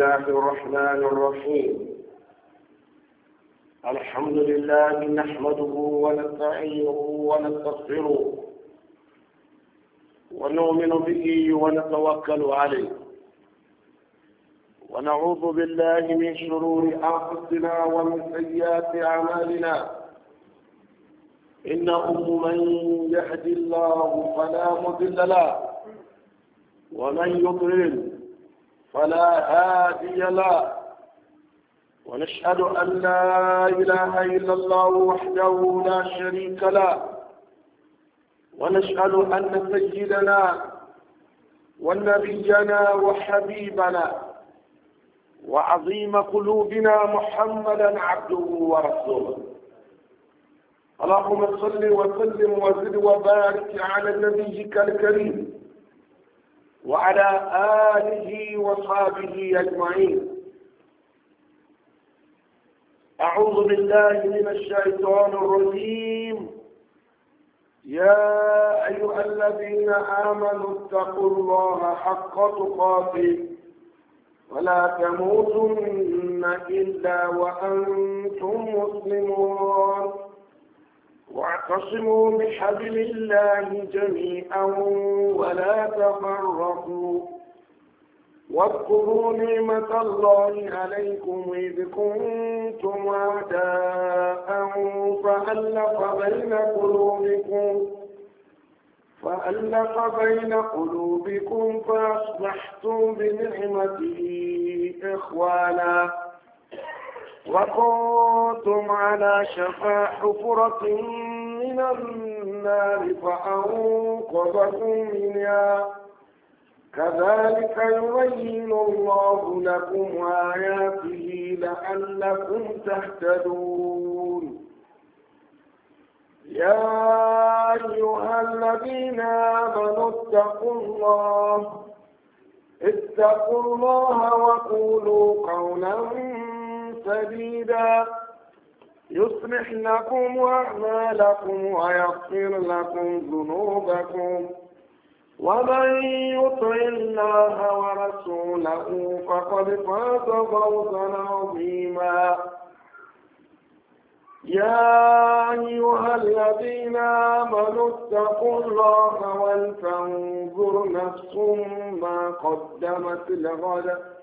الله الرحمن الرحيم الحمد لله نحمده ونستعينه ونستغفره ونؤمن به ونتوكل عليه ونعوذ بالله من شرور أنفسنا ومن سيئات أعمالنا إنه من يهد الله فلا مضل له ومن يضلل فلا هادي له ونشهد أن لا إله إلا الله وحده لا شريك له ونشهد أن سيدنا ونبينا وحبيبنا وعظيم قلوبنا محمدا عبده ورسوله اللهم صل وسلم وزد وبارك على نبيك الكريم وعلى آله وصحبه أجمعين أعوذ بالله من الشيطان الرجيم يا أيها الذين آمنوا اتقوا الله حق تقاته ولا تموتن إلا وأنتم مسلمون واعتصموا بحبل الله جميعا ولا تفرقوا واذكروا نعمة الله عليكم إذ كنتم أعداء فألف بين قلوبكم فألف بين قلوبكم فأصبحتم بنعمته إخوانا وكنتم على شفا حفرة من النار فأنقذكم منها كذلك يبين الله لكم آياته لعلكم تهتدون يا أيها الذين آمنوا اتقوا الله اتقوا الله وقولوا قولا سديدا يصلح لكم أعمالكم ويغفر لكم ذنوبكم ومن يطع الله ورسوله فقد فاز فوزا عظيما يا أيها الذين آمنوا اتقوا الله ولتنظر نفس ما قدمت لغدا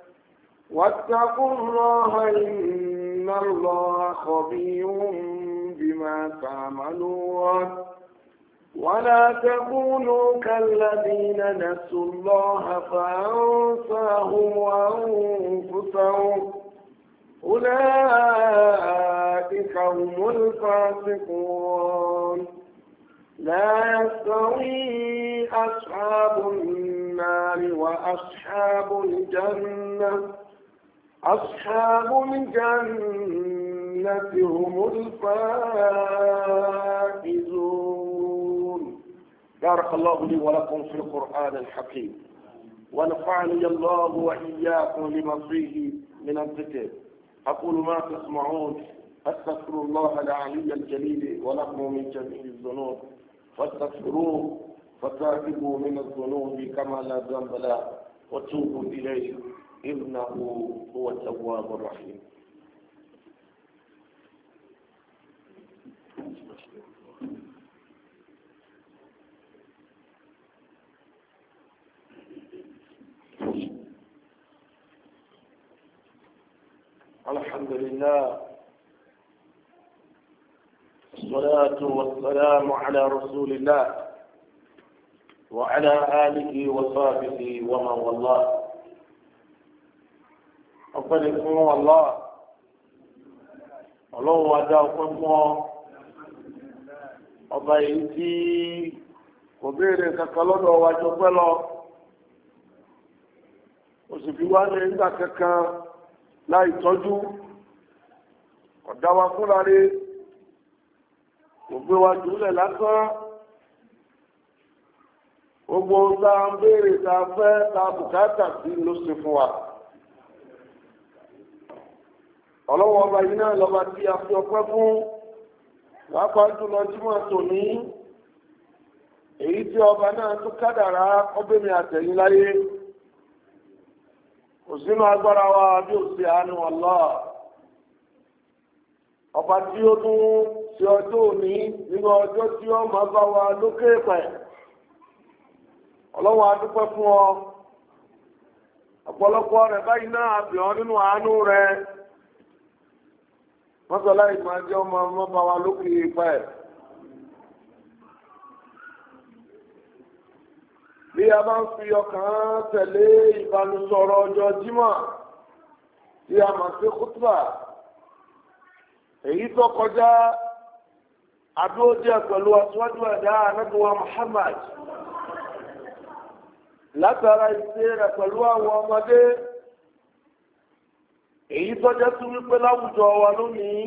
واتقوا الله إن الله خبير بما تعملون ولا تكونوا كالذين نسوا الله فأنساهم وأنفسهم أولئك هم الفاسقون لا يستوي أصحاب النار وأصحاب الجنة أصحاب الجنة هم الفائزون بارك الله لي ولكم في القرآن الحكيم ونفعني الله وإياكم لما فيه من الذكر أقول ما تسمعون أستغفر الله العلي الجليل ولكم من جميع الذنوب فاستغفروه فتاكبوا من الذنوب كما لا ذنب له وتوبوا إليه إنه هو التواب الرحيم الحمد لله الصلاة والسلام على رسول الله وعلى آله وصحبه ومن والله ọpẹ́ ni fún ọlọ́wà ọlọ́run adá ọpẹ́ mọ́ ọba èyí tí kò béèrè kankan lọ́dọ̀ wa jọ pẹ́ lọ oṣù fi wá ní nígbà kankan láì tọ́jú ọ̀dá wa fúnra rẹ̀ kò gbé wa jùlẹ̀ lásán gbogbo ta ń béèrè ta fẹ́ ta bùkátà sí ló ṣe fún wa. ọlọ́wọ́ ọba yìí náà lọ́ba tí a fi ọpẹ́ fún pàápàá jùlọ jímọ̀ ní èyí tí ọba náà tó kádàrá ọbẹ̀mí àtẹ̀yìn láyé kò sínú agbára wa bí ó ṣe àánú ọlọ́ ọba tí ó tún ṣe ọjọ́ òní nínú ọjọ́ tí ó máa bá wa lókè pẹ̀ ọlọ́wọ́ adúpẹ́ fún ọ ọ̀pọ̀lọpọ̀ rẹ̀ báyìí náà mọ́sọ̀lá ìmọ̀-ajọ́ ọmọ ọmọba wa lókè ipa ẹ̀. bí a bá ń fi ọkàn tẹ̀lé ìbánisọ̀rọ̀ ọjọ́ jímọ̀ tí a mọ̀ sí kútùbà èyí tó kọjá adóòjẹ́ pẹ̀lú aṣíwájú ẹ̀dá anábíwá Muhammad látara ìṣe rẹ̀ pẹ̀lú àwọn ọmọdé èyí tọ́jọ́ sí wípé láwùjọ wa lónìí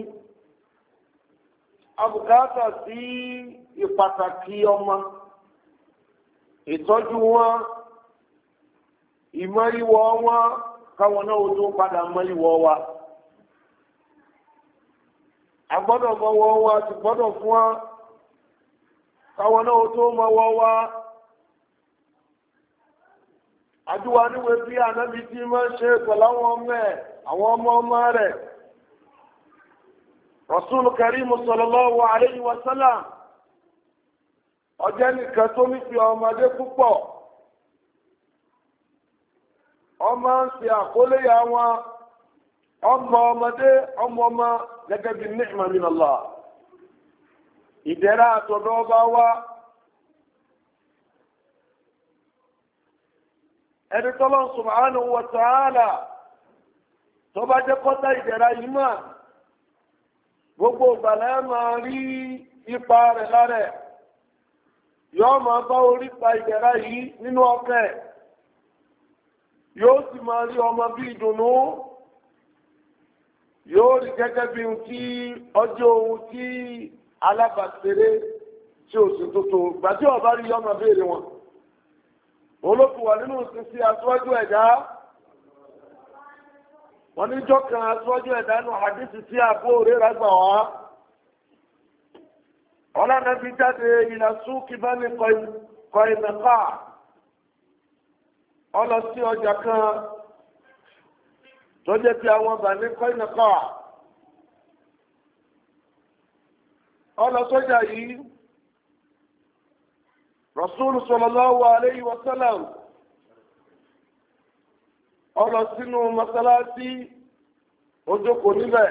abùkátà sí ìpàtàkì ọmọ ìtọ́jú wọn ìmọ̀ríwọ̀ wọn káwọn náà tó padà mọ̀ríwọ̀ wa agbọ́dọ̀ mọ̀wọ́ wa ti gbọ́dọ̀ fún wa káwọn náà tó mọ̀wọ́ wa. adúwa níwe bí anábì tí máa ṣe pẹ̀lú àwọn ọmọ ẹ̀ àwọn ọmọ ọmọ rẹ̀ rasul karim sallallahu alayhi wa sallam ọjọ́ nìkan tó nífẹ̀ẹ́ ọmọdé púpọ̀ ọmọ ń ṣe wọn ọmọ ọmọdé ọmọ ọmọ gẹ́gẹ́ bí min Allah ìdẹ̀ra wa. ẹni tọ́lọ́ subhanahu wa ta'ala tó bá jẹ́ kọ́tà ìdẹ̀ra yìí gbogbo ìgbàlẹ́ máa rí ipa rẹ̀ lára yóò máa bá orí pa ìdẹ̀ra yìí nínú ọkẹ́ yóò sì máa rí ọmọ bí ìdùnnú yóò rí gẹ́gẹ́ bí ohun tí ọjọ́ olókùn wà nínú sísí aṣíwájú ẹ̀dá wọ́n níjọ́ kan aṣíwájú ẹ̀dá nù àdísì sí àbó òré rágbà wá ọlọ́nà fi jáde ìlà súnkì bá ní kọ ìmẹ̀fà ọlọ sí ọjà kan tó jẹ́ ti àwọn bà ní kọ ìmẹ̀fà ọlọ sọ́jà yìí Rasul sallallahu alayhi wa sallam ó lọ sínú mọ́sálásí ó jókòó níbẹ̀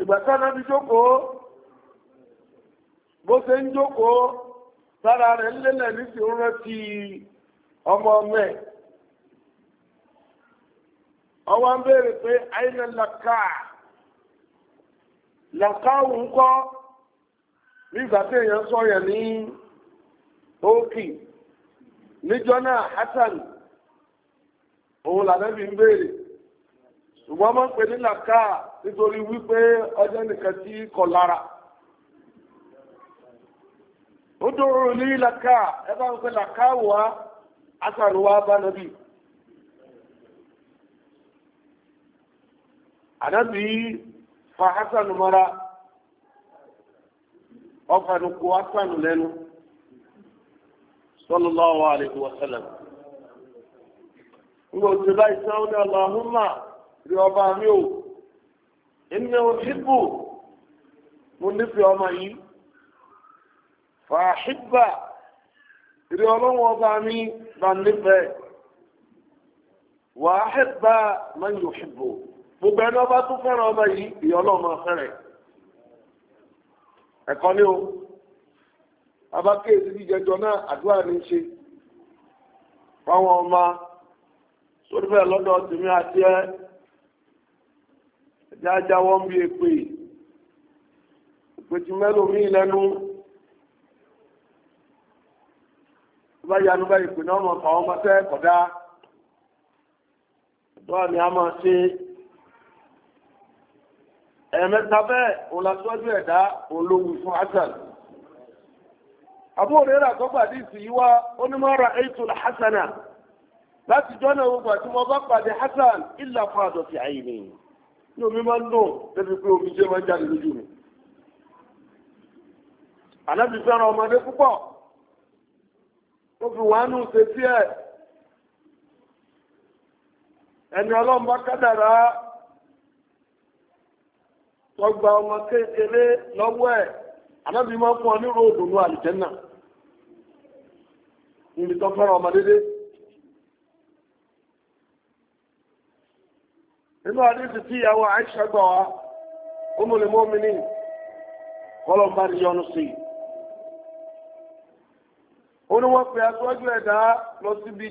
ìgbà táwọn ẹbí jókòó bó ṣe ń jókòó sára ọmọ pé nígbà tí èèyàn sọ̀rọ̀ ní ókì níjọ́ náà Hasan òun làbẹ́bí ń béèrè ṣùgbọ́n mọ́ ń pè ní làkà nítorí wípé ọjọ́ nìkan tí kọ̀ lára ó dòrò ní làkà ẹ bá ń pè làkà wá Hasan wá bá nàbí. ànábì fa Hasan mara ọfàdù kó asánù lẹ́nu sallallahu alaihi wa sallam ń gbọ́ tí báyìí sáwọn ní Allahumma rí ọba mi ò inú ìbò mo nífẹ̀ẹ́ ọmọ yìí fàáhìbà rí ọlọ́wọ́ ọba mi bá nífẹ̀ẹ́ wàáhìbà man yuhibbu gbogbo ẹni ọba tó fẹ́ràn ọba yìí ìyọ́lọ́ ọmọ fẹ́rẹ̀ẹ́ ẹ̀kọ́ ní o bàbá kéèsì bí jẹjọ náà àdúrà ní ṣe fáwọn ọmọ sórífẹ́ lọ́dọ̀ tèmi àti ẹ ẹjẹ́ ajá wọ́n bí èpè èpè ti mẹ́lò mí lẹ́nu bá yanu bá èpè náà mọ̀ fáwọn ọmọ tẹ́ kọ̀dá àdúrà ni a máa ṣe ẹ̀mẹ́ta bẹ́ẹ̀ olàṣọ́jú ẹ̀dá olówó fún Hassan Abu Huraira tó pàdé ìsìyíwá onímọ̀ra aitul hasana láti jọ́nà gbogbo àti wọn bá pàdé Hassan illa fàdọ̀ fi àyè ni ní omi máa ń dùn débi pé omi jẹ́ máa ń jáde lójú mi ànábì fẹ́ràn ọmọdé púpọ̀ ó fi wàánú ṣe sí ẹ̀ ẹni ọlọ́run bá kádàrá wọ́n gba ọmọ kékeré lọ́wọ́ ẹ̀ anábì máa fún ọ ní ròdù ní àlìjẹ́nà níbi tó fẹ́ràn nínú tí ìyàwó àìsà gbà wá ó mú lè mú ní kọlọ́mbà ní yọnu sí lọ síbi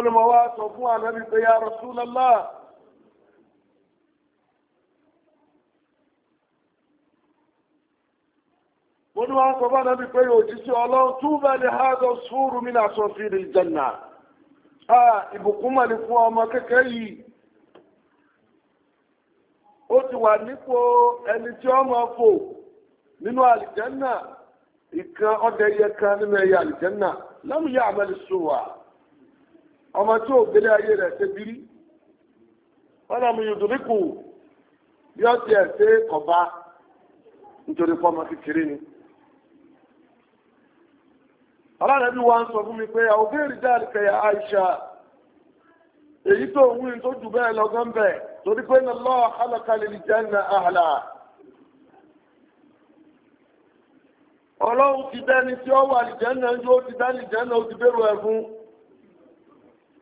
olùmọ̀ wa sọ fún ànábì pé ya Rasulullah wọ́n ni wọ́n sọ fún ànábì pé òjíṣẹ́ ọlọ́run túbà ní hádọ́ sùúrù mi náà sọ fi rí jẹ́nà ìbùkún mà ní fún ọmọ kékeré yìí ó ti wà nípò ẹni tí ọmọ fò nínú àlìjẹ́nà ìkan ọdẹ yẹ kan nínú ẹyẹ àlìjẹ́nà lẹ́mú yá àmẹ́lì sùn wà. ọmọ tí ò gbélé ayé rẹ̀ ṣe bírí wọ́n lọ́mọ yòdùríkù bí ó tiẹ̀ ṣe kọ̀bá nítorí fọ́mọ kékeré ni ọlọ́rẹ̀ bí wọ́n sọ fún mi pé àwọn obìnrin kẹyà Aisha èyí tó ń wí tó jù bẹ́ẹ̀ lọ́gán bẹ̀ torí pé ní lọ́ọ̀ halakalẹ̀ ìjẹ́nà àhàlà ọlọ́run ti dẹ́ni tí ó wà ìjẹ́nà yóò ti dá ó ti bẹ̀rù ẹ̀ fún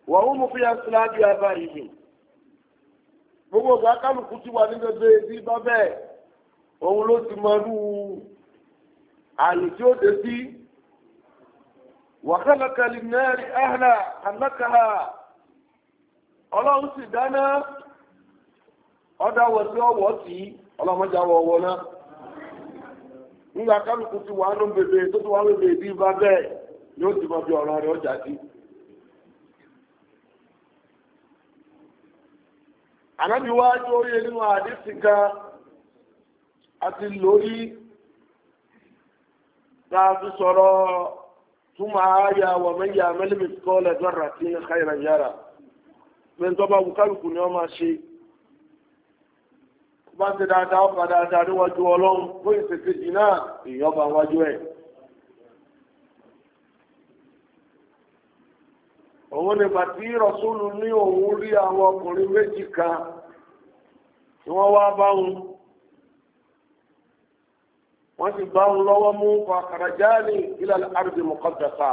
wa ó fi àṣìlá bí gbogbo ọgbà kálukú ti wà ní gbogbo bá bẹ́ẹ̀ òun ló ti mọ irú àyè tí ó dé sí wàhálàkà lè nẹ́ẹ̀rì ẹ̀hánà àlákàá ọlọ́run sì dáná ọdá wọ̀ sí ọwọ́ sí ọlọ́mọdé àwọ̀ ọwọ́ náà nígbà kálukú ti wà bèbè tó ànábì wá tí ó rí nínú àdísì kan àti lórí láti sọ̀rọ̀ túmọ̀ ààyà wà mẹ́yà mẹ́lẹ́mì kọ́lẹ̀ dọ́rà tí ń ká ìrìn yára mẹ́ntọ́ bá bukálùkù ni wọ́n máa ṣe bá ti dáadáa ó padà dáadáa níwájú ọlọ́run fún ìsèkejì náà èèyàn bá wájú ẹ̀ òun ni bàtí rọ̀súlù ní òun rí àwọn ọkùnrin méjì kan tí wọ́n wá bá wọn wọ́n sì bá wọn lọ́wọ́ mú fàkàràjáàlì ilẹ̀ àrùdì mọ̀kọ́dàfà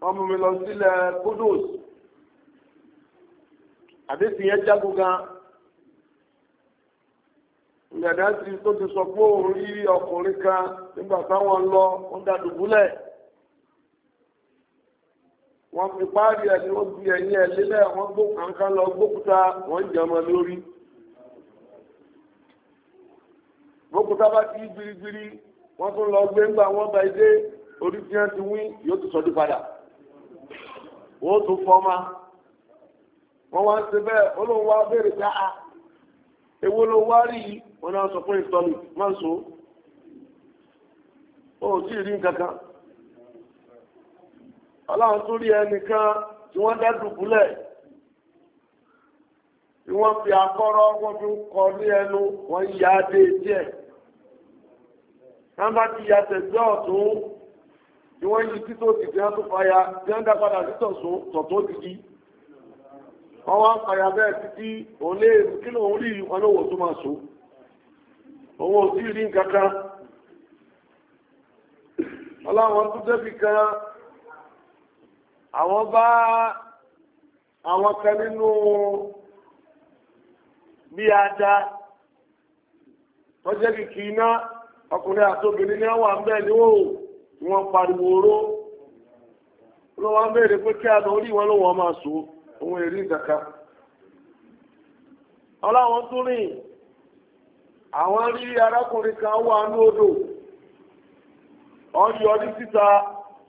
wọ́n mú mi lọ sílẹ̀ kudus àdéhùn yẹn jágun ìyàdá ti tó ti sọ pé òun rí ọkùnrin kan nígbà táwọn lọ ó dá dùbúlẹ̀ wọ́n fi páàdì ẹ̀ ni wọ́n fi ẹ̀yìn ẹ̀ lélẹ̀ wọ́n gbó kankan lọ gbókúta wọ́n jẹmọ lórí. gbókúta bá ti gbirigbiri wọ́n tún lọ gbé ńgbà wọ́n bá dé orí tí wọ́n ti wín yóò tún sọdún padà. wọ́n tún fọ́mà wọ́n wá ń ṣe bẹ́ẹ̀ olóhùn wá béèrè pé a ah, èwo ló wá rí i wọ́n náà sọ fún ìtọ́nù máa ń so ó sì rí nǹkan kan ọlọ́run tún rí ẹnìkan tí wọ́n dẹ́dùbúlẹ̀ tí wọ́n fi akọ́rọ́ wọ́n fi ń kọ ní ẹnu wọ́n ya adé díẹ̀ nọ́mbà ti ya tẹ̀gbẹ́ ọ̀tún tí wọ́n yí títò sí tí wọ́n tún fàya tí wọ́n dá padà sí tọ̀tún tọ̀tún òdìdí wọ́n wá ń fàya bẹ́ẹ̀ títí òun lè kí lóun rí wọn lówó tó máa so òun ò sí rí nǹkan kan ọlọ́run tún débi kan àwọn bá àwọn kan nínú bí ada tọ́jẹ́ kìkì iná ọkùnrin àti ní àwọn àmbẹ́ ní òòrùn tí pariwo oró ló wá pé kí àná orí wọn ló máa sọ ohun èrí ìdàkà ọláwọn tún rìn àwọn rí arákùnrin kan wà ní odò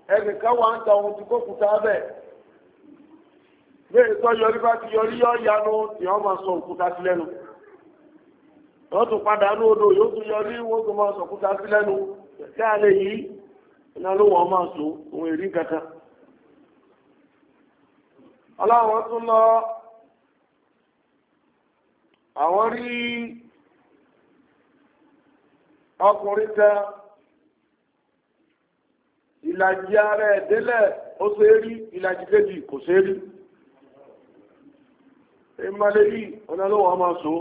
ẹnìkan wà ń ta ohun tí kò kúta bẹ́ẹ̀ bẹ́ẹ̀ tó yọrí bá ti yọrí yọ yanu ni wọ́n máa sọ òkúta sí lẹ́nu wọ́n tún padà ní odò yóò tún yọrí wọ́n tún máa sọ òkúta sí lẹ́nu kẹ́kẹ́ alẹ́ yìí iná ló wọ́n máa sọ ohun èrí kankan. aláwọ̀ tún lọ àwọn rí ọkùnrin ìlàjì ara ẹ̀ délẹ̀ ó ṣe rí ìlàjì kò ṣe é rí ìmọ̀lẹ́lì ọ̀nàlọ́wọ́ a máa so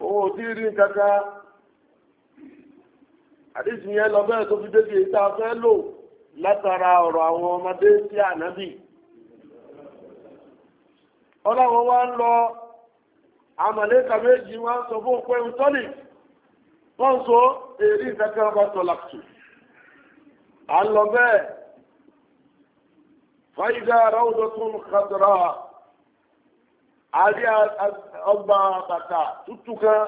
ò tí rí kaka àdéjì yẹn lọ bẹ́ẹ̀ tó fi débi èyí tá fẹ́ lò látara ọ̀rọ̀ àwọn ọmọdé sí ànábì ọlọ́wọ́ wa ń lọ àmàlẹ́kà méjì sọ fún wọ́n à ń lọ bẹ́ẹ̀ fàyídà ráwùdọ̀tún kàdúrà àrí ọgbà bàtà tútù kan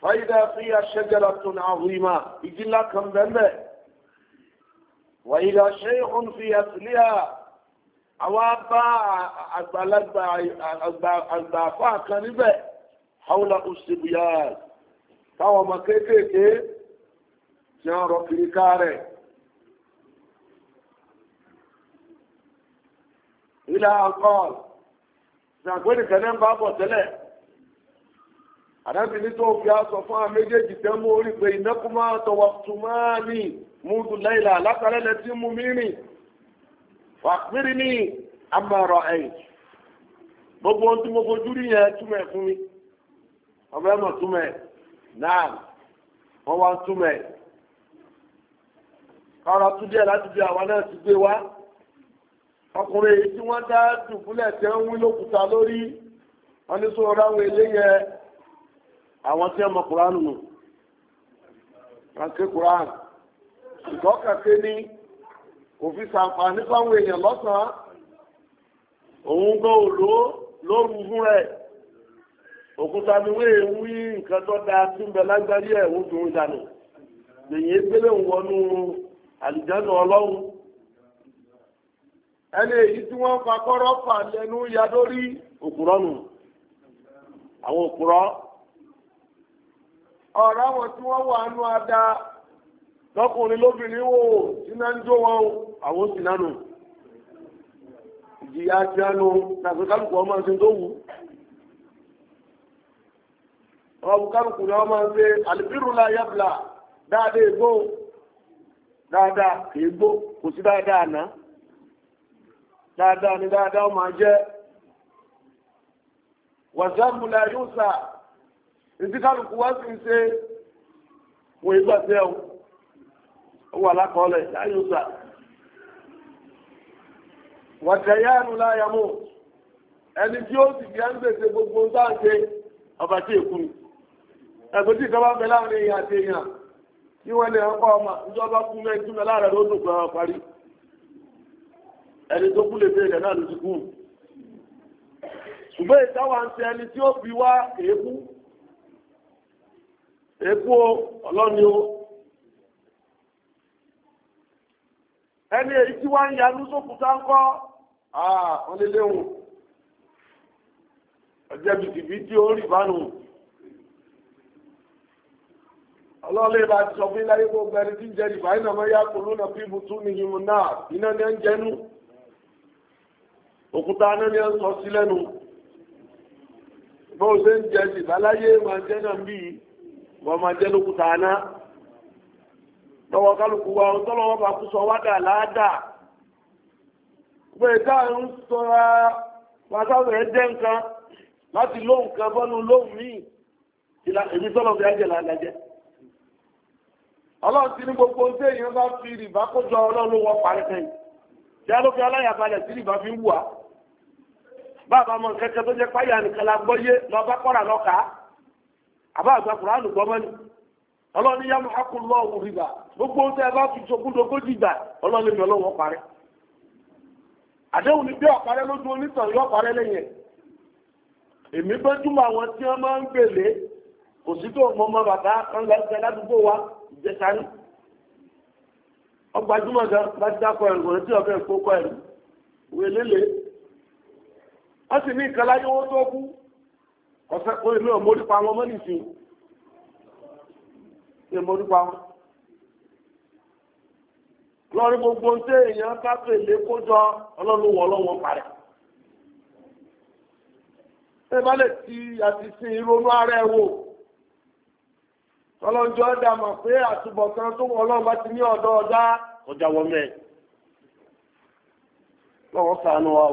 fàyídà fìyà ṣẹjẹrà tún àhùrìmà ìjì ńlá kan bẹ́ẹ̀ wàyídà ṣẹ́yìn fìyà sílíà àwọn bá àgbàlagbà àgbà àfáà kan níbẹ̀ hawla òṣèlú yára táwọn ọmọ kéékèèké. tí wọ́n rọ kiri ká rẹ̀ ilá alcohol ṣàgbéni tẹ́lẹ̀ ń bá bọ̀ tẹ́lẹ̀ àdábì ní tó fi aṣọ fún pe méjèèjì tẹ́ mú orí pé ìnákú máa tọwọ́ túmáà ní múdù láìlà látàrẹ́ lẹ tí mo ọ̀rọ̀ tún díẹ̀ láti bí àwọn náà ti gbé wá ọkùnrin èyí tí wọ́n dá dùbúlẹ̀ tẹ́ ń wí lókùúta lórí wọ́n ní sọ̀rọ̀ àwọn eléyẹ àwọn tí wọ́n mọ kùránù nù wọ́n ké kùránù ìkọ́kàkẹ́ ní òfin sàǹfààní fáwọn èèyàn lọ́sàn òun gan òló lóru fún rẹ̀ òkúta ni wọ́n èé wí nǹkan tó dáa sí bẹ lágbárí ẹ̀ òun tó ń dànù lèyìn gbélé òun wọnú àlìjánu ọlọ́run ẹni èyí tí wọ́n fa kọ́rọ́ fà lẹ́nu ya lórí òkúrọ́ nù àwọn òkúrọ́ ọ̀rọ̀ àwọn tí wọ́n wà nù ada lọ́kùnrin lóbìnrin wò síná wọn àwọn sì ìjìyà ti ànú kálukú ọmọ tó wù ọmọ kálukú ni dáadé dáadáa kìí gbó kò sí dáadáa àná dáadáa ni dáadáa ó máa jẹ́ wàzámùlà yóò sà ìdí kálukú wá sí ṣe wọ́n ìgbà tí ẹ̀ wà lákọọ́lẹ̀ láyò sà wàjẹ̀yánu láyàmú ẹni tí ó sì jẹ́ ń gbèsè gbogbo sáà ṣe ọba èkú ẹgbẹ́ tí ìjọba ń bẹ láàrin èèyàn àti èèyàn kí wọ́n lè ọkọ ọmọ ìjọba kú lẹ́yìn tó lọ láàrẹ̀ ló dùn kan parí ẹni tó kú lè fẹ́ ilẹ̀ náà ló ti kú ṣùgbọ́n ìtawà ń ṣe ẹni tí ó fi wá èékú èékú ọlọ́ni o ẹni èyí tí wá ń yanú sókúta ń kọ́ àà ó rí ọlọ́ọ̀lẹ́ bá ti sọ fún iláyé gbogbo ẹni tí ń jẹ ìgbà iná mọ́ yá kò lónà bí ibùtú ni himu náà iná ni ẹ ń jẹnu òkúta iná ni ẹ ń sọ sí lẹ́nu bó ṣe ń jẹ ìgbà láyé máa jẹ náà bí wọ́n máa jẹ lókúta iná lọ́wọ́ kálukú wa tọ́lọ́wọ́ bá kú sọ wádà láádàá pé táwọn ń sọra pàtàkì ẹ̀ jẹ́ nǹkan láti ló nǹkan bọ́nu lóhùn míì èmi tọ́lọ́ fi ajẹ́ làálàá ọlọ́run ti ní gbogbo ohun tí èèyàn bá fi rìbá kó jọ ọlọ́run ló wọ parí sẹ́yìn tí a ló fi aláyàbalẹ̀ sí rìbá fi ń wùwà bàbá ọmọ kẹkẹ tó jẹ́ páyà nìkan la gbọ́ yé lọ bá kọ́ra lọ́ka àbá àgbà kùránù gbọ́ mọ́ni ọlọ́run yá mu hákùn lọ́ọ̀wù rìbá gbogbo ohun tí a bá fi jogúndogójì gbà ọlọ́run mi ọlọ́run parí àdéhùn ni bí ọ̀parẹ́ lójú onítàn yóò parẹ́ lẹ́yìn èmi gbẹ́júmọ̀ àwọn tí wọ́n máa ń gbèlé kò sí tó mọ́ mọ́ bàbá kan lọ́sẹ̀ ládùúgbò wa ìjẹta ní ọgbàjúmọ̀ gan bá ti dákọ̀ ẹ̀rù rẹ̀ tí ọ̀fẹ́ ìkókọ̀ ẹ̀rù wé lélẹ̀ wọ́n sì ní nǹkan láyé owó tó kú ọ̀sẹ̀ pé èmi ò mórí pa wọn mọ́ nìsín èmi mórí pa wọn. lọ́rọ̀ gbogbo ń tẹ́ èèyàn bá pèlè kó jọ ọlọ́run wọ̀ ọlọ́run parẹ́ ẹ bá lè ti àti sin ìrònú ara ẹ wò. tọ́lọ́njọ́ dà mọ̀ pé àtúbọ̀tán tó wọ́n lọ́wọ́ ti ní ọ̀dọ́ ọ̀dá ọjà mẹ́ lọ́wọ́ sànú wa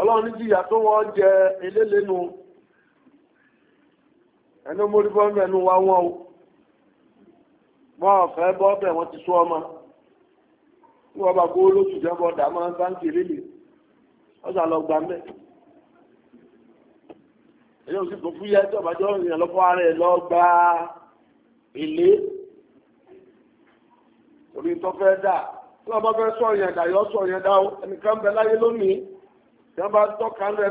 ọlọ́run ní tó wọ́n jẹ elélénu ẹni mórí mẹ́nu wa wọ́n o mọ́ ọ̀fẹ́ bọ́ wọ́n ti sọ ọmọ wọ́n bá gbówó lóṣù jẹ́ e oṣù tó fúyẹ́ tí ọ̀bájọ́ ìrìn lọ́pọ̀ ara ẹ̀ lọ gba ilé orí tó dà tí wọ́n bá fẹ́ sọ ìyẹn dà yọ sọ ìyẹn dà ó ẹnìkan bẹ láyé lónìí tí wọ́n bá tọ́ka ṣe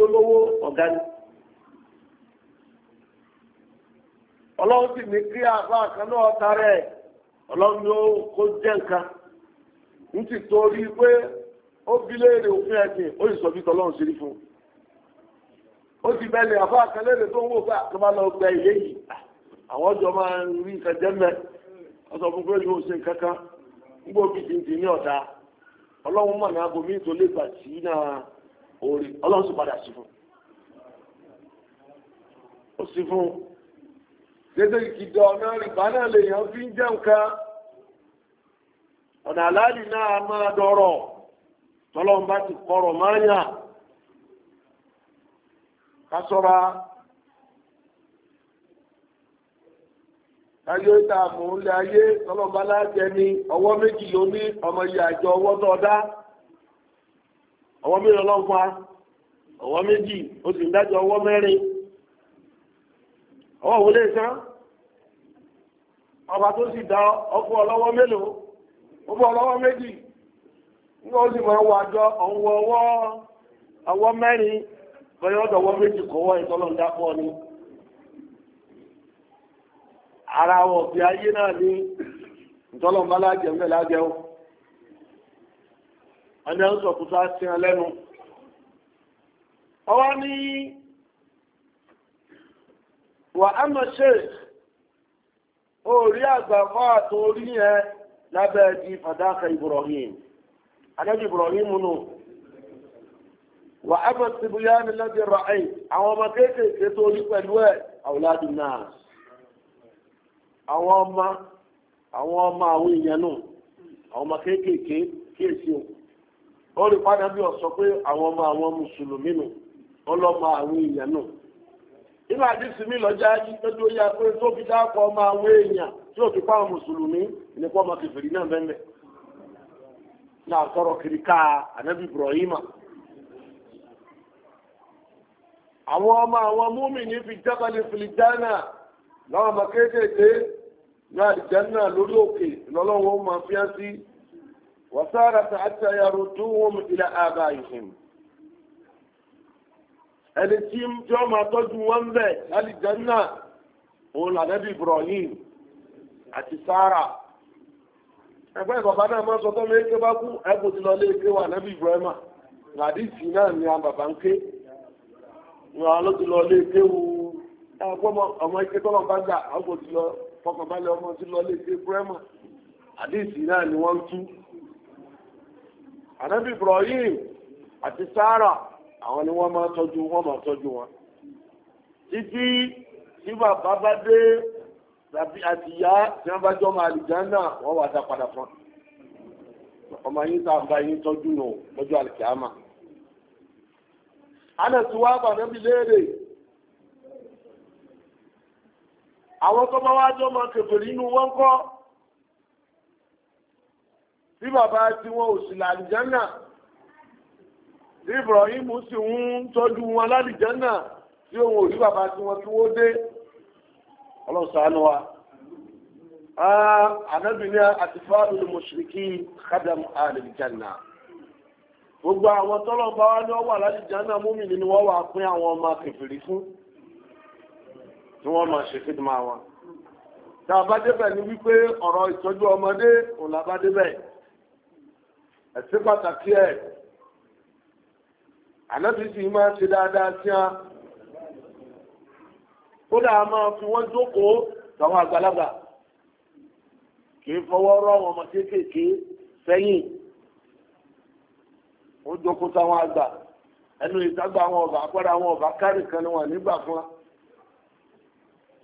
lólówó ọ̀gá ni. ọlọ́run sì ní kí àbá kan náà ọlọ́run kó jẹ́ nǹkan ń sì torí pé ó bí léèrè òfin ẹ̀sìn ó ti bẹ́ẹ̀ lè àfọ àkàlẹ́rẹ̀ tó ń wò pé àkàmá lọ gba ilé yìí àwọn ọjọ́ máa ń rí nǹkan jẹ́mẹ́ wọ́n yóò ṣe kankan nígbà òbí ti ń ní ọ̀dà ọlọ́run mọ̀ ní aago mi tó lè gbà sí orí ọlọ́run sì padà sí fún ó sì fún ìkìdọ̀ fi ń jẹ́ ká ayé a mú lé ayé tọ́lọ́ba lájẹ ní ọwọ́ méjì ló ní ọmọ yìí àjọ ọwọ́ tó dá ọwọ́ méjì ọlọ́pàá ọwọ́ méjì ó sì ń dájọ ọwọ́ mẹ́rin ọwọ́ wo lè ọba tó sì dá ọkọ ọlọ́wọ́ mélòó ó bọ́ ọlọ́wọ́ méjì ó sì bọ́yọ́ ọ̀dọ̀wọ́ méjì kọwọ́ ìtọ́lọ́n dápọ̀ ni ara wọ̀ bí ayé náà ní ìtọ́lọ́n bá lájẹ̀ mẹ́ lájẹ̀ ó ọdẹ ń sọ kúta sí ọ lẹ́nu ọwá ní wà á mọ̀ ṣe orí àgbàfọ́ àtòrí yẹn lábẹ́ di fàdákà Ibrahim adẹ́bí Ibrahim nù wa ebe mọ̀ bụ ya ni lọ́jọ́ rà ẹ̀ àwọn ọmọ kéékèèké tó rí pẹ̀lú ẹ̀ àwòládì náà àwọn ọmọ àwọn ọmọ o ó rí padà bí ọ̀sọ́ pé àwọn ọmọ àwọn mùsùlùmí nù ọlọ́mọ àwọn èèyàn nù nínú àdìsí mi fi pa àwọn ọmọ àwọn múmìnì fi jákàlẹ̀ fìlìjánà láwọn ọmọ kéékèèké ní àlìjánà lórí òkè lọ́lọ́wọ́ máa fi á sí wàsára ta àti àyàrò tó wọ́n mu ilẹ̀ àbá ìhìn ẹni tí ó máa tọ́jú wọn bẹ̀ àlìjánà òun làdẹ́bí Ibrahim àti Sára ẹgbẹ́ ìbàbá náà máa sọ tọ́lé ké bá kú ẹ̀kùn ti lọ lé ké wà ìwà ló ti lọ lé kéwu ọmọ ike tọ́lọ̀ bá gbà ọkọ̀ ti lọ fọkànbalẹ̀ ọmọ ti lọ lé ké púrẹ́mà àdéhìsì náà ni wọ́n tú. ànábì Ibrahim àti Sárà àwọn ni wọ́n máa tọ́jú wọ́n máa tọ́jú wọn. títí tí bàbá bá dé tàbí àtìyá tí wọ́n bá jọ ọmọ àlìjánà wọ́n wà dá padà fún ọmọ yín tá à ń bá yín tọ́jú nù lọ́jọ́ àlìkìyámà ana tí wá bà nábi léèrè àwọn tó bá wájọ́ máa kèfèrè inú wọn kọ́ bí bàbá tí wọn ò sì làlìjánà bí Ibrahim sì ń tọ́jú wọn lálìjánà tí òun ò rí bàbá tí wọn tí wọ́n dé ọlọ́sàánú wa anábìnrin ah, àti fáwọn olùmọ̀ṣirikí kádàm àlìjánà gbogbo àwọn tọ́lọ́ba wa ní ọwà láti jáná múmìnì ni wọ́n wà pín àwọn ọmọ kẹfìrí fún tí wọ́n máa ṣe fídímà wọn tá a bá débẹ̀ ni wípé ọ̀rọ̀ ìtọ́jú ọmọdé òun la bá débẹ̀ ẹ̀sí pàtàkì ẹ̀ ànábì sì máa ṣe dáadáa sí wọn kódà a máa fi wọ́n jókòó tàwọn àgbàlagbà kì í fọwọ́ rọ́ wọn ọmọ kéékèèké sẹ́yìn ó jókòó táwọn àgbà ẹnu ìtagbà àwọn ọba àpárá àwọn ọba kárì kan ni wọn nígbà fún wa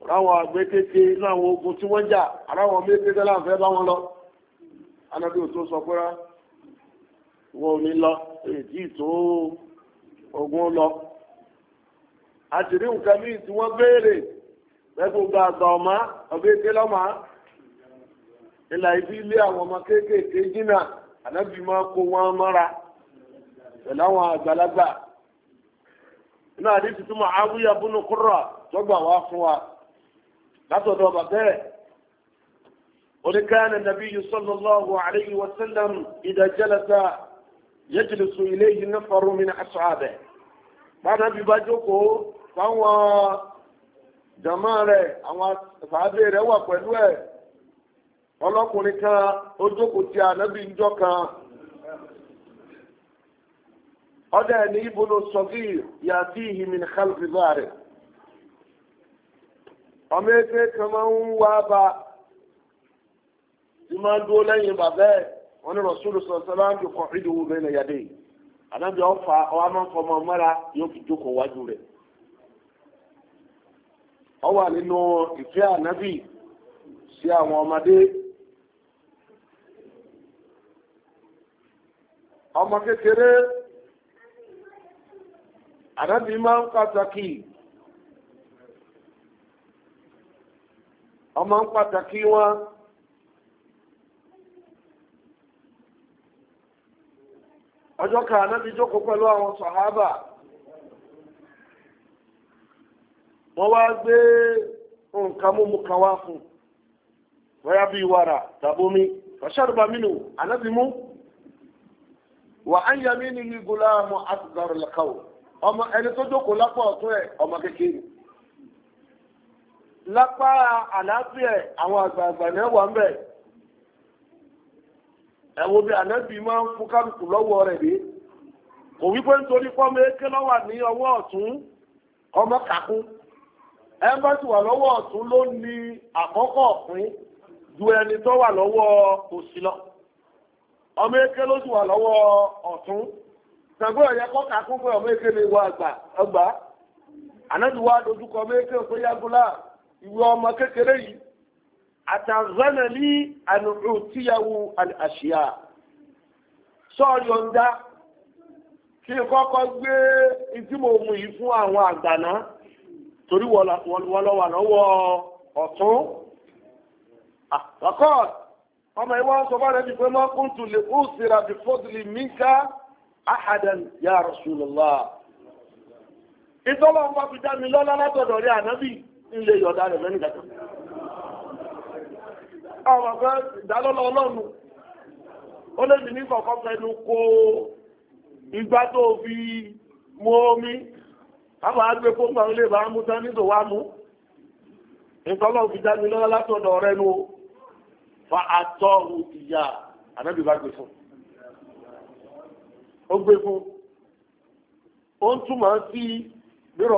ráwọn àgbẹ̀ kéke láwọn ogun tí wọ́n jà aráwọn méjèèjì láǹfẹ́ bá wọn lọ anábí ò tó sọ pé rá wọn ò ní lọ èyí tó ogun lọ àtìrí nǹkan míì tí wọ́n béèrè lẹ́gbẹ̀ẹ́ gba àgbà ọ̀má ọ̀bẹ èké ìlà ibi ilé àwọn ọmọ kéékèèké jìnnà ànábì máa kó wọn mọ́ra pẹ̀lú àwọn àgbàlagbà inú àdìsí tó máa awúyà búnú kúrọ̀ tó gbà wá fún wa látọ̀dọ̀ bàbá ẹ̀ oníkànnì nàbí sallallahu alayhi wa sallam idha jalasa yajlisu ilayhi nafaru min ashabihi bàtà bí bá jókòó fáwọn jàmá rẹ̀ àwọn sàábé rẹ̀ wà pẹ̀lú ẹ̀ ọlọ́kùnrin kan ó ti ànábì ńjọ́ kan ọdẹ ní ibùdó sọgír yà fi ìhìmì kálífì báàrẹ ọmọ ẹgbẹ kan máa ń wá bá tí máa ń dúró lẹ́yìn bàbá ẹ wọn ní rọṣúlù sọsọlá ń jòkó ìdòwò bẹ́ẹ̀ nà yàdé ànábì ọfà ọwọ máa ń fọmọ mọra yóò fi jókòó wájú rẹ̀ ọ wà nínú ìfẹ́ ànábì sí àwọn ọmọdé. ọmọ kékeré ànábì máa ń pàtàkì ọmọ ń pàtàkì wọn ọjọ́ kan ànábì jókòó pẹ̀lú àwọn sàhábà wọ́n wá gbé nǹkan múmu kan wá fún wọ́yá bí wàrà tàbómi fàṣàrùbà mínú ànábì mú wà á yà mí ní gùlámù àtùgbàrù làkàwọ̀ ọmọ ẹni tó jókòó lápá ọ̀tún ẹ̀ ọmọ kékeré lápá àlàáfíà àwọn àgbààgbà náà wà ń bẹ̀ ẹ̀wọ̀n bí ànábì máa ń fún kálukú lọ́wọ́ rẹ̀ dé kò wípé nítorí pọ́mọ eke lọ́wọ́ ní ọwọ́ ọ̀tún ọmọ kàkún ẹ̀ńbàtì wà lọ́wọ́ ọ̀tún ló ní àkọ́kọ́ ọ̀pin ju ẹni tó wà lọ́wọ́ òsì lọ ọmọ eke ló sì wà lọ́wọ́ ọ̀tún. sàgbé ya kọ́kà kún pé ọmọ èké àgbà ọgbà wa dojúkọ ọmọ èké òkè yagunlá ìwé ọmọ kékeré yìí àtàzánà ànùrù tíyàwó àṣìyà sọ́ọ̀yọ̀ǹda kí n kọ́kọ́ gbé ìdímọ̀ yìí fún àwọn àgbàná torí lọ́wọ́ ọ̀tún ah, ọmọ bí pé lè ahadan ya rasulullah ìtọ́lọ̀ ń fi dá mi lọ́lá látọ̀dọ̀ rí ànábì ilé yọ̀dá rẹ̀ lẹ́nu gàtọ̀ àwọn ọ̀gá ìdálọ́lọ́ ọlọ́nu ó lè ní kọ̀ọ̀kan fẹnu kó igbá tó fi mú omi àwọn àgbẹ̀ fóńgbà ilé tán nítò fa ìyá ànábì bá gbé fún ó gbé fún ó ń túmọ̀ sí wa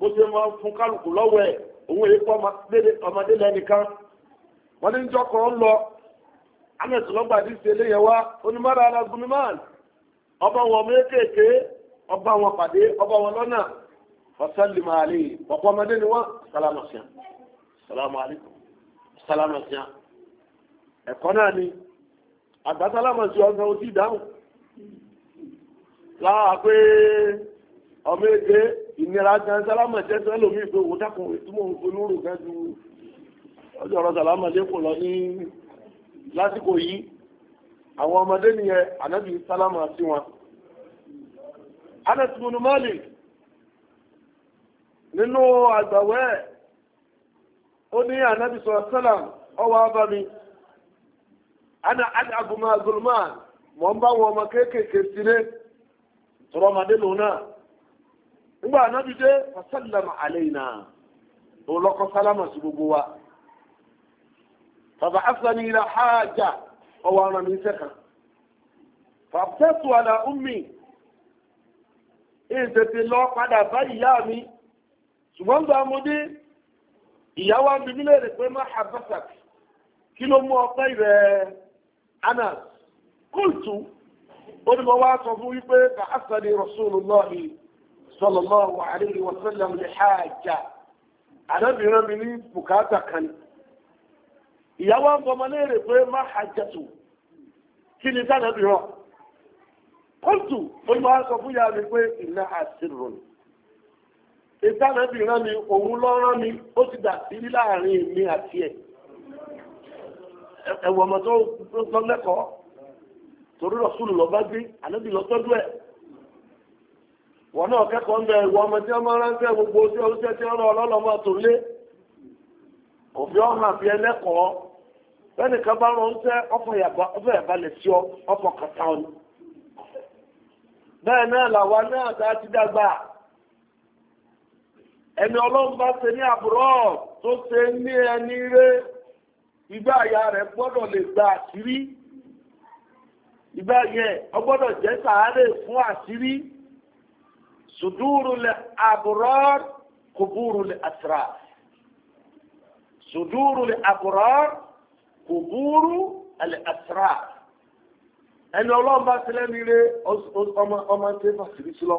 bó ṣe máa ń fún kálukú lọ́wọ́ ẹ̀ òun èyí kọ́ ọmọdé lẹ́nìkan wọ́n ní ń ń lọ amẹ́sọ̀lọ́gbà ní ṣe lé yẹn wá onímọ̀ra alágúnmímán ọba wọn mékèèké ọba wọn pàdé ọba wọn lọ́nà máa lè ọ̀pọ̀ ọmọdé ni wọ́n ẹ̀kọ́ náà ni salama sí ọgbọ̀n ojú ìdáhùn láwà pé ọmọ èdè ìnira gan sálámọ̀ jẹ́sẹ́ lómi ìgbé owó dákùn ìtumọ̀ olóró gan ju ọjọ́ ọ̀rọ̀ sálámọ̀ lẹ́kọ̀ọ́ lọ ní lásìkò yìí àwọn ọmọdé nìyẹn ànábì sálámọ̀ sí wọn. Anas bin Malik nínú àgbàwẹ́ ó ní ànábì sálàm ọwọ́ abami. ana adabu ma zulman mo ń bá wọn ọmọ kéékèèké sílé tọrọ ọmọdé lòun náà nígbà anábì dé fasalama aleyna òun lọkọ sálámà sí gbogbo wa bàbá afghani ilà hajj ọwọ ara mi sẹka fàbùtẹ́tù àlà ummi ìtètè lọ padà bá ìyá mi ṣùgbọ́n gba mo dé ìyá wa ń bi mí pé má habasaki kí ló mú ọpẹ́ ìrẹ́ anas kúltù onímọ̀ wá sọ fún wípé ka asàdì rasulullahi sallallahu alayhi wa sallam li hajja arábìnrin mi ní bùkátà kan ìyàwó ọmọ léèrè pé má hajjatu kí ni sáàbìnrin kúltù onímọ̀ wá sọ fún yàrá mi pé mi òun lọ́rọ́ mi ó ti dà sí láàrin mi àti ẹ̀wọ̀n ọmọ tó lọ lẹ́kọ̀ọ́ torí lọ bá gbé ànábì lọ tọ́jú ẹ. wọn náà kẹ́kọ̀ọ́ ń bẹ ẹ̀wọ̀n ọmọ tí wọ́n máa gbogbo tí wọ́n ṣẹ́ tí wọ́n rọ ọlọ́lọ́mọ tó lé òfin ọ̀hún àfi ẹlẹ́kọ̀ọ́ bẹ́ẹ̀ni kan bá ọ ọ̀fọ̀ kàtà náà làwa náà a ti dàgbà ẹni ọlọ́run bá ṣe ní ìgbà àyà rẹ̀ gbọ́dọ̀ lè gba àṣírí ìgbà yẹn ọgbọ́dọ̀ jẹ́ sàárè fún àṣírí sùdúrù lẹ àbúrọ́r kùbúrù lẹ àṣírà sùdúrù lẹ àbúrọ́r kùbúrù lẹ àṣírà ẹni ọlọ́run bá sílẹ̀ nílé ọmọ tí ń fàṣírí sílọ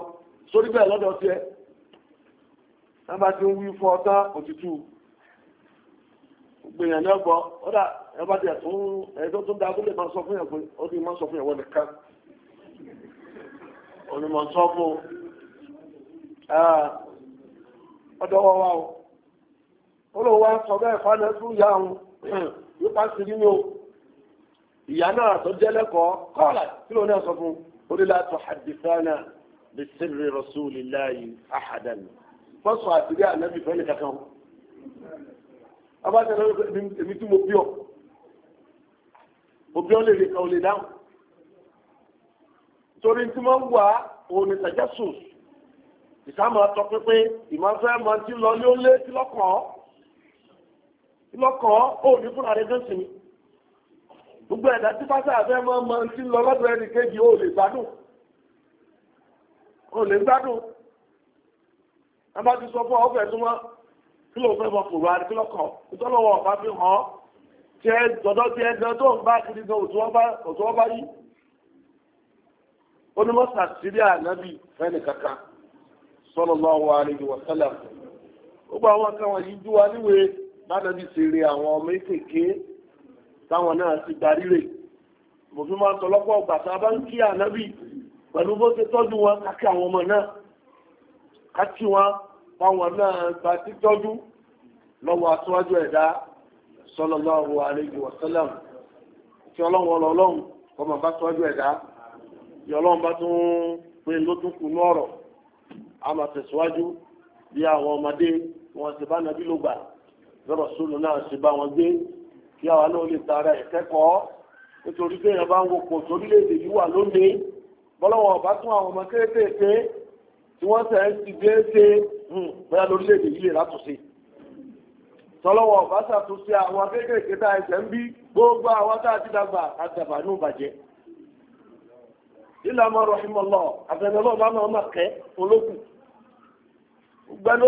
sórí bẹ́ẹ̀ lọ́dọ̀ tiẹ̀ nígbà tí ń wí fún ọtá òtútù gbìyànjú ọgbọ ọdà ẹbá tí ẹtún ẹjọ́ tó dá abúlé máa sọ fún yàn pé ó ní máa sọ fún yàn wọlé ká onímọ̀ sọ fún ọdọ wọn wá o olówó wa sọ bẹ́ẹ̀ fáná fún ìyá òun nípa sí nínú ìyá náà tó jẹ́ lẹ́kọ̀ọ́ kọ́ọ̀lá kí ló náà sọ fún onílà tó hadithana lè sèrè rasulillahi ahadan wọ́n sọ àtìrí ànábì fẹ́lẹ̀ kankan abájá lọ́wọ́ èmi tí mo bí ọ mo bí ọ lè lè kàn ó lè dáhùn torí tí wọ́n wà òun ní tajassus ìsámọ̀ ọtọ pínpín ìmọ̀fẹ́ mọ tí lọ ní ó lé tí lọ́kàn lọ́kàn ó ní fúnra rẹ̀ gẹ́sìn ni gbogbo ẹ̀dá tí pásá àfẹ́ mọ́ mọ tí lọ lọ́dọ̀ fún ọ kí ló fẹ́ mọ kòrò àti kílọ́kọ̀ ìtọ́lọ́wọ́ ọ̀bá fi hàn ọ́ tí tó ń bá kiri gan òtún ọba yìí wa ṣe rí àwọn ọmọ táwọn náà ti máa a bá ń kí fáwọn náà gba títọ́jú lọ́wọ́ aṣáájú ẹ̀dá sallallahu alayhi wa sallam tí ọlọ́run ọlọ́run ọmọ bá tọ́jú ẹ̀dá tí ọlọ́run bá tún pé ló tún a máa tẹ̀síwájú bí àwọn ọmọdé wọn ti bá nàbí ló gbà lọ́rọ̀ sólù náà ṣe bá wọn gbé kí àwa náà lè tara ẹ̀ kẹ́kọ̀ọ́ nítorí pé èèyàn bá ń wopò torílẹ̀-èdè yìí wà lónìí bọ́lọ́wọ́n ọ̀bá tún àwọn ọmọ kéékèèké tí wọ́n tẹ̀ ti ẹ́ ṣe hmm, bóyá lórílẹ̀‐èdè yìí lè látúnṣe. tọ́lọ́wọ́ ṣàtúnṣe àwọn akékèké gbogbo àwọn tá a ti dàgbà ní ìbàjẹ́. àfẹnulọ́ bá máa máa kẹ́ olókù.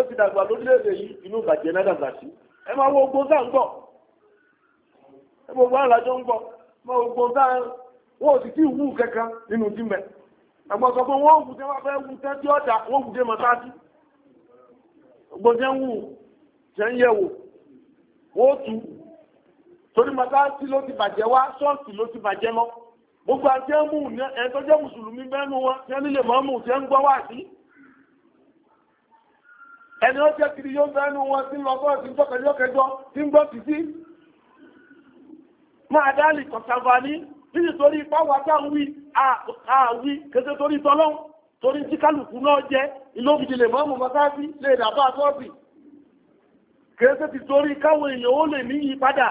ti dàgbà lórílẹ̀‐èdè yìí inú ìbàjẹ́ náà dàgbà sí. ẹ máa wo ń gbọ́. ẹ gbogbo àlàjọ ń gbọ́. ẹgbọ́n sọ pé wọ́n wùdé wá fẹ́ wùdé tí ọ̀dà wọ́n wùdé mọ́tàdí gbọ́dẹ̀ wù jẹ́ ń yẹ̀wò wọ́n tù torí mọ́tàdí ló ti bàjẹ́ wá ṣọ́ọ̀ṣì ló ti bàjẹ́ lọ gbogbo àjẹ́ mú ẹ̀ tó jẹ́ mùsùlùmí mẹ́nu wọn tí wọ́n nílé mọ́mù tí ń gbọ́ wà sí ẹni ó jẹ́ kiri yóò mẹ́nu wọn tí ń lọ bọ́ọ̀ tí ń tọ́kẹ́jọ́ kẹjọ́ tí ń gbọ́ títí máa dálì kọ̀tàvání títí torí ipá wa ń wí àwí kété torí tọ́lọ́hún torí tí kálukú náà jẹ́ ìlóbìdì mọ́mù mọ́sáàsì lè dàbà ti torí káwọn èèyàn ó lè ní ìpadà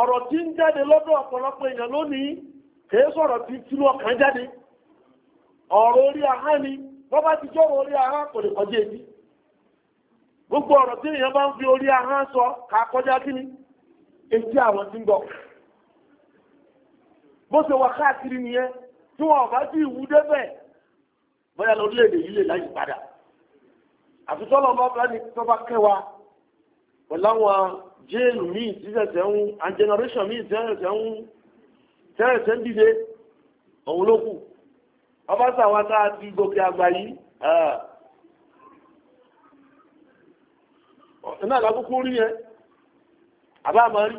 ọ̀rọ̀ tí ń jáde lọ́dọ̀ ọ̀pọ̀lọpọ̀ èèyàn lónìí kèé sọ̀rọ̀ tí tínú ọkàn jáde ọ̀rọ̀ orí ahá ni wọ́n bá ti jọ́rọ̀ orí ahá kò lè kọjá ebi gbogbo ọ̀rọ̀ tí èèyàn bá ń fi orí ahá sọ kà kọjá kí bó ṣe wà káàkiri nìyẹn tí wọn bá sí ìwú débẹ̀ bóyá lórílẹ̀-èdè yìí lè láyé padà àtúntọ́ lọ́mọ bá ní tọ́ba kẹwàá pẹ̀láwọn jéèlù míì tí sẹ̀sẹ̀ ń and generation míì tí sẹ̀sẹ̀ ń tẹ́ẹ̀sẹ̀ ń dìde òun ló kù ọba sàwọn tá a ti gòkè àgbà yìí ah. náà lákòókò rí yẹn àbá máa rí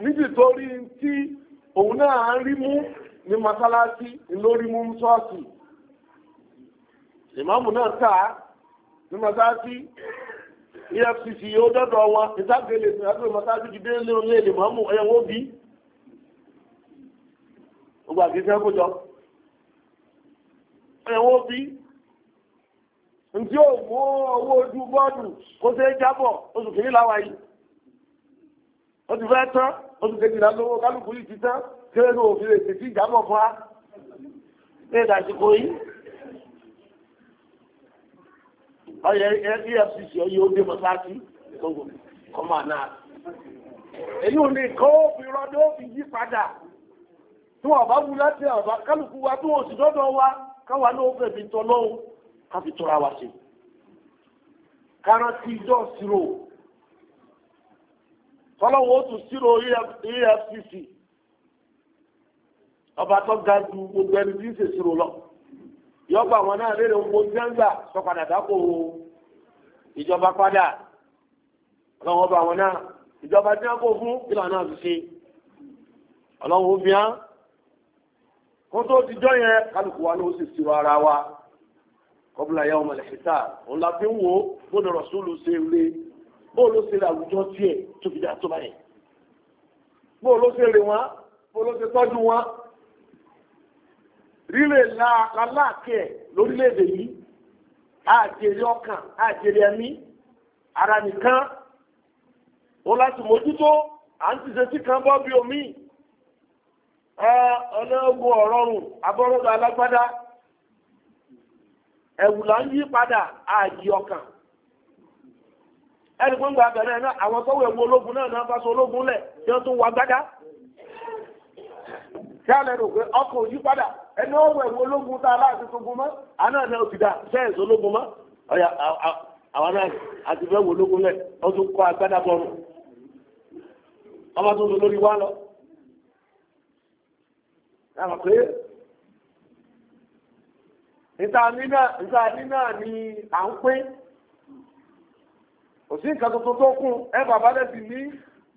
nítorí tí òun náà ń rí mú ní masalasi lórí mú ṣọ́ọ̀ṣì ìmáàmù náà kà ní masalasi efcc yóò dọ́dọ̀ wọn ìtàgélé ní abẹ́ masalasi ti dé lé lè máàmù ẹ̀wọ̀n bí gbogbo àgbẹ̀fẹ́ kó jọ ẹ̀wọ̀n bí ntí ó mú owó ojú bọ́ọ̀dù kó ṣe é jábọ̀ oṣù kìíní láwàá yìí ó ti fẹ́ tán ó ti kejìlá lówó kálukú yìí ti tán kéré ní òfin lè tètè ìjábọ̀ fún wa ní ìdásíkò yìí. ọyẹ efcc ọyẹ ó dé mọ́sáàsì gbogbo kọ́mà náà. èyí ò ní kó fi rọdọ́ fi yí padà tí wọ́n bá wú láti ọ̀bá kálukú wa tí wọ́n sì dọ́dọ̀ wa káwa náà fẹ̀mí tọ́ lọ́hùn ká fi tọ́ra wa ṣe. kárántì ìjọ ìṣirò tọ́lọ́wọ́ ó tún sírò EFCC ọba tó ga ju gbogbo ẹni tí ń ṣe sírò lọ yọgbà wọn náà léèrè gbogbo jẹ́ńgbà sọ̀padà dákò ìjọba padà ọlọ́wọ́ bá wọn náà ìjọba tí wọ́n kó fún ìlànà àtúnṣe ọlọ́wọ́ bí wọ́n kó tó ti jọ yẹn kálukú wa ló sì sírò ara wa kọ́bùlà yawm al-hisab òun fi ń wo bó ni rọ̀ṣúlù ṣe lé bóò ló ṣe àwùjọ tiẹ̀ tó fi dáa tó báyẹn bóò ló ṣe rè wọ́n bóò ló ṣe tọ́jú wọ́n rírè láláàkẹ́ lórílẹ̀‐èdè yìí àjèrè ọkàn àjèrè ẹ̀mí ara nìkan ó láti mójútó à ń tìṣe sí kan bọ́ bí omi ọlọ́gbọ́ ọ̀rọ̀rùn abọ́rọ̀dọ̀ alágbádá ẹ̀wù là ń yí padà àjì ọkàn ẹni pé ń gba abẹ̀rẹ̀ náà àwọn ológun náà náà fásọ ológun lẹ̀ tí wọ́n tún wà gbádá tí a lẹ́nu pé ọkọ̀ òyí padà ẹni ológun tá a láti tuntun mọ́ àná ti dà sẹ́ẹ̀sì ológun mọ́ ọ̀yà àwọn náà àti fẹ́ wọ ológun lẹ̀ ó tún kọ́ agbádá kò sí nǹkan tuntun tó kún ẹ bàbá rẹ̀ sì ní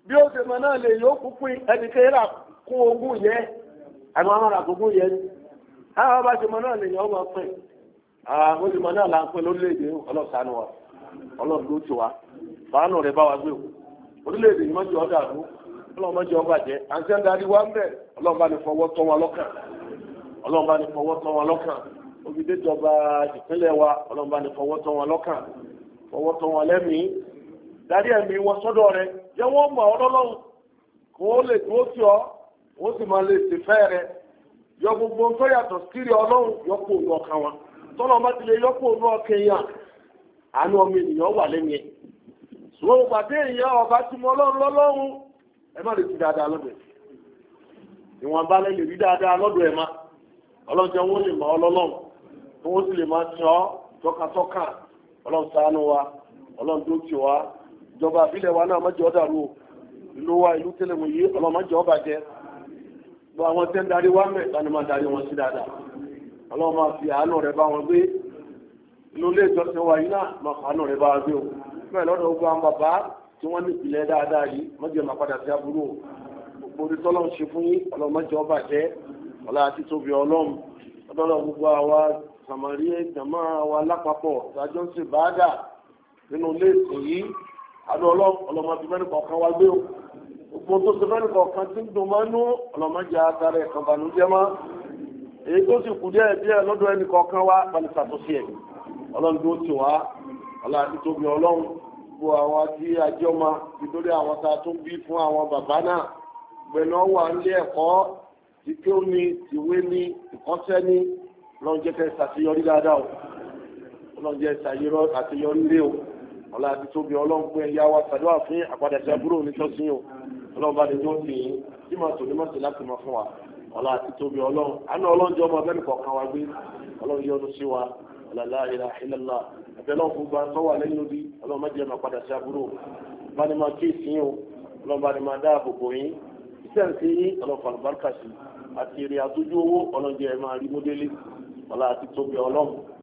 bí ó ṣe mọ náà lè yóò kú pín ẹnikẹ́ni rà kún ogún yẹ àwọn amára ogún yẹn àwọn bá ṣe mọ náà lè ọmọ pín àwọn náà là ń pín wa ti fàánù bá wa gbé o àdó ọba jẹ́ àti ẹ̀dá ni wá ń bẹ̀ ọlọ́run bá fọwọ́ tọ́ wọn lọ́kàn fọwọ́ lọ́kàn jọba ìpínlẹ̀ wa fọwọ́ lọ́kàn fọwọ́ lẹ́mìí darí ẹ̀mí wọn sọ́dọ̀ rẹ ya wọ́n mọ̀ ọ́ lọ́lọ́run kó o lè dúró sí ọ ó sì máa lè rẹ yọ gbogbo ń tọ́yàtọ̀ sírí ọlọ́run yọpọ̀ òun ọkàn wọn tọ́lọ́ bá ti lè yọpọ̀ òun àánú ọmọ ènìyàn wà ẹ̀ ọba ẹ má lè ti dáadáa lọ́dọ̀ ẹ̀ lè rí dáadáa lọ́dọ̀ ẹ̀ má ọlọ́jọ́ wọn lè ọlọ́lọ́run wọ́n sì lè máa tọ́ ọlọ́run ìjọba àbílẹ̀ wa náà mọ́jọ́ dàrú ìlú wa ìlú tẹ́lẹ̀mù yìí ọlọ́mọ́jọ́ bàjẹ́ gbọ́ àwọn tẹ́ ń darí wá mẹ́ tani máa darí wọn sí dáadáa ọlọ́mọ fi àánú rẹ̀ bá wọn gbé inú ilé ìjọsìn wa yìí náà máa fàánú rẹ̀ bá wọn gbé o bẹ́ẹ̀ lọ́dọ̀ gbogbo àwọn bàbá tí wọ́n ní ìpìlẹ̀ dáadáa yìí mọ́jọ́ máa padà sí aburú gbogbo tọ́lọ́ ń ṣe fún yín ọlọ́mọ́jọ́ bàjẹ́ ọlá àti tóbi ọlọ́run ọlọ́run gbogbo àwa sàmàrí ìjàmá wa lápapọ̀ tàjọ́ ń ṣe bàádà nínú ilé ìsìn yìí àná ọlọ́mọ ti mẹ́rin kọ̀ọ̀kan wá gbé o gbogbo tó ti mẹ́rin kọ̀ọ̀kan ti ń dùn máa ń nú ọlọ́mọ jẹ́ àtàrà ẹ̀kan bànújẹ́ mọ́ èyí tó sì kù díẹ̀ díẹ̀ lọ́dọ̀ ẹnì kọ̀ọ̀kan wá pẹ̀lú ṣàtúnṣe ẹ̀ ọlọ́run tó ti wá ọlá àti tóbi ọlọ́run gbogbo àwọn tí ajọ́ nítorí àwọn tá a tún bí fún àwọn bàbá náà pẹ̀lú ọwọ́ ilé ẹ̀kọ́ ti ké ó ní tìwé ní ìkọ́sẹ́ ní ọlọ́run jẹ́ kẹ́ ṣàṣeyọrí dáadáa o ọlọ́run jẹ́ ṣàṣeyọrí lé o ọlá àti tóbi ọlọ́run pé ẹ̀yà wa ṣàdúrà fún àpadà sí àbúrò onítọ́sí o ọlọ́run bá ní tó ń sìn yín tí màá tò ní màá tò láti máa fún wa ọlá àti tóbi ọlọ́run àná ọlọ́run jọ ọmọ abẹ́ni kọ̀ọ̀kan wa gbé ọlọ́run yọ́nú sí wa ọ̀làlá ìlà ìlàlá àbẹ̀lọ́run fún gba sọ́wà lẹ́yìn odi ọlọ́run má jẹ́ máa padà sí àbúrò bá ní máa kíì sí o ọlọ́run bá ní máa dáàbò bò yín iṣẹ́ ń sí yín ọlọ́run fàlùbáríkà sí àti èrè àtújú owó ọlọ́run jẹ́ máa rí módélé ọlá àti tóbi ọlọ́run